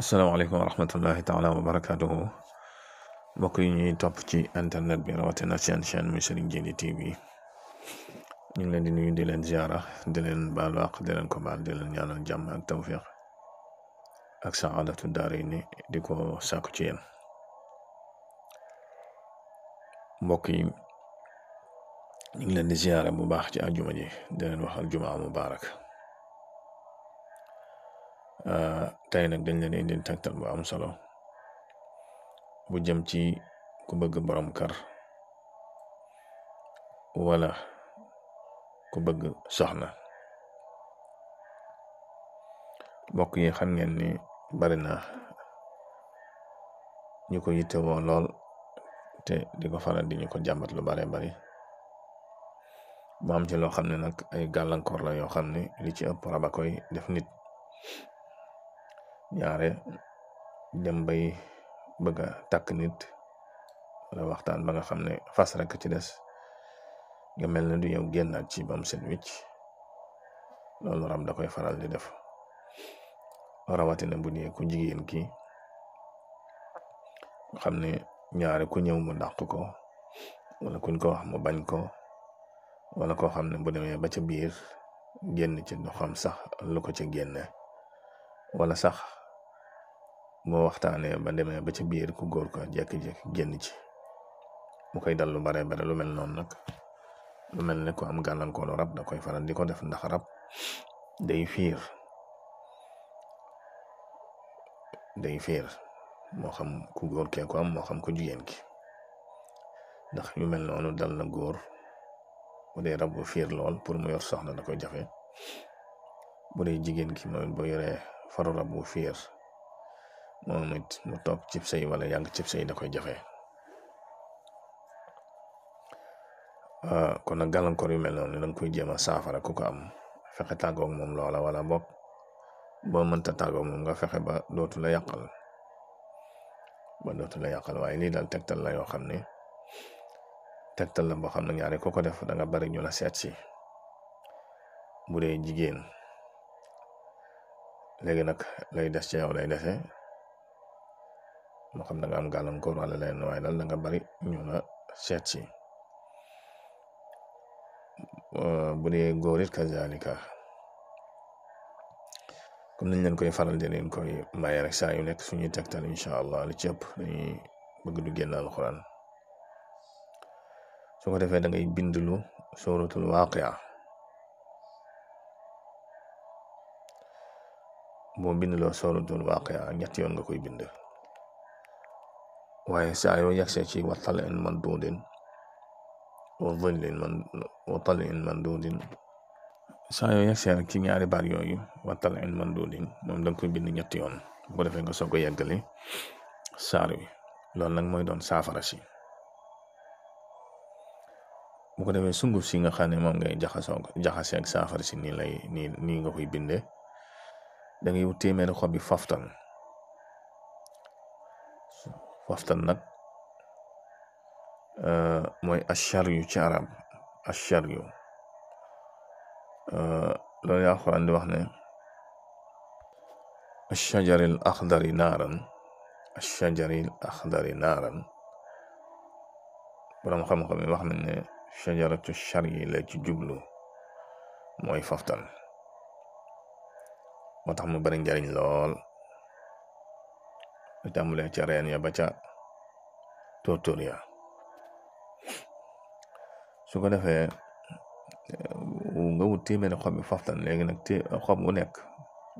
asalaamaaleykum wa rahmatullahi taala wa barakaatuhu mbokk yi ñuy topp ci internet bi rawatina seen chaîne muy Serigne Djily TV ñu ngi leen di nuyu di leen ziara di leen baalu ko baal di leen ñaanal jàmm ak tawfiq ak saadatu daarayni di ko sàkku ci yéen mbokk yi ñu ngi leen di ziara bu baax ci àjuma ji di leen waxal jumaa mubaarak tey nag dañ leen indil tegtal bu am solo bu jëm ci ku bëgg borom kar wala ku bëgg soxna mbokk yi xam ngeen ni bari na ñu ko yittewoo lool te di ko faral di ñu ko jàmbat lu bare bari mu am ci loo xam ne nag ay gàllankoor la yoo xam ne li ci ëpp koy def nit ñaare dem bay bëgga takk nit wala waxtaan ba nga xam ne fas rek ci des nga mel ne du yow génnaat ci bam seen wicc loolu rab da koy faral di def rawatina bu dee ku jigéen ki xam ne ñaare ku ñëw mu dàq ko wala kuñ ko wax mu bañ ko wala koo xam ne bu demee ba ca biir génn ci du xam sax lu ko ca génne wala sax boo waxtaanee ba demee ba ci biir ku góor ko jékki-jékki génn ci mu koy dal lu bare bare lu mel noonu nag mel ne ko am gàllankooru rab da koy faral di ko def ndax rab fiir day fiir moo xam ku góor kee am moo xam ku jigéen ki ndax yu mel noonu dal na góor bu dee rab bu fiir lool pour mu yor soxna da koy jafe bu dee jigéen ki mooy bu yoree faru rab bu fiir moom it mu toog cib sëy wala yàgg cib sëy da koy jafe ah, kon nag gàllankoor yu mel noonu da nga koy jéem a saafara ku ko am fexe tàggoog moom loola wala bokk boo mënta tàggoog moom nga fexe ba dootul a yàqal ba dootu la yàqal waaye lii daal tegtal la yoo xam ne tegtal la boo xam ne ñaare ku ko def da nga bari ñu a seet si bu dee jigéen léegi nag lay def ci yow lay dese. moo xam da nga am gàllankoor wala leneen waaye daal da nga bari ñu la seet si euh, bu dee góor it kazalika comme nañ leen koy faral di leen koy maye rek saa yu nekk suñuy tegtal incha allah li ci ëpp dañuy bëgg du génn alxuraan su ko defee da ngay bind lu suratul waaqia boo bind loo suratul yoon nga koy bind. waaye saa yoo yegsee ci watalin mandudin wa dhillin man watalin mandudin saa yoo ci ñaari baat yooyu watalin mandudin moom da nga koy bind ñetti yoon bu ko defee nga soog a saar wi loolu nag mooy doon saafara si bu ko defee sunguf si nga xam ne moom ngay jaxasoo jaxasee ak saafara si nii lay nii nii nga koy bindee da ngay téeméeri xob bi faftal waxtaan nag euh, mooy acharyu ci arab acharyu euh, loolu yaa xuraan di wax ne naaran ashajari al naaran boroom xam-xam yi wax nañ ne ci jublu mooy faftan moo tax mu bari lool lu tàmbalee ca ya ba ca tóortóor su ko defee nga wut téeméeri xob faftan léegi nag té xob wu nekk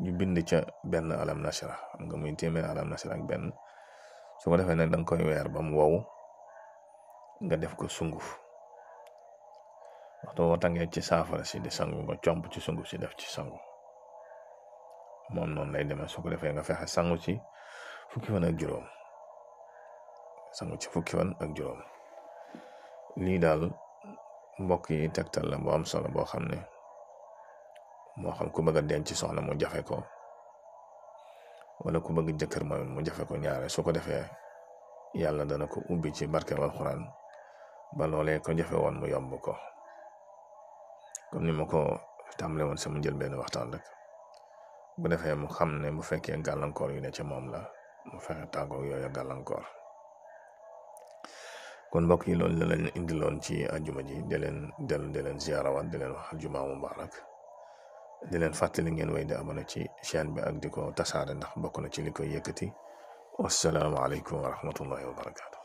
ñu bind ca benn alam nasra xam nga muy téeméeri alam nasra benn su ko defee ne danga koy weer ba mu wow nga def ko sunguf waxtu woo tàngee ci saafara si di sangu nga comp ci sunguf si def ci sangu moom noonu lay demee su ko defee nga fexe sangu ci fukki fan ak juróom sangu ci fukki fan ak juróom lii daal mbokk yi tegtal la bu am solo boo xam ne moo xam ku bëgg a denc soxla mu jafe ko wala ku bëgg jëkkër mooy mu jafe ko ñaare su ko defee yàlla dana ko ubbi ci barkeb alxuraan ba loolee ko jafe woon mu yomb ko kom ni ma ko tàmbale woon sama jël benn waxtaan rek bu defee mu xam ne bu fekkee gàllankoor yu ne ci moom la mu fexe tàggoog yooya gàllankoor kon mbokk yi loolu la leen ci ajuma ji di leen dellu di leen ziarawaat di leen wax ajuma mubarak di leen fàttali ngeen way di abonné ci chaîne bi ak di ko tasaare ndax bokk na ci li koy yëkkati wassalaamu aleykum wa rahmatullahi wa barakaatu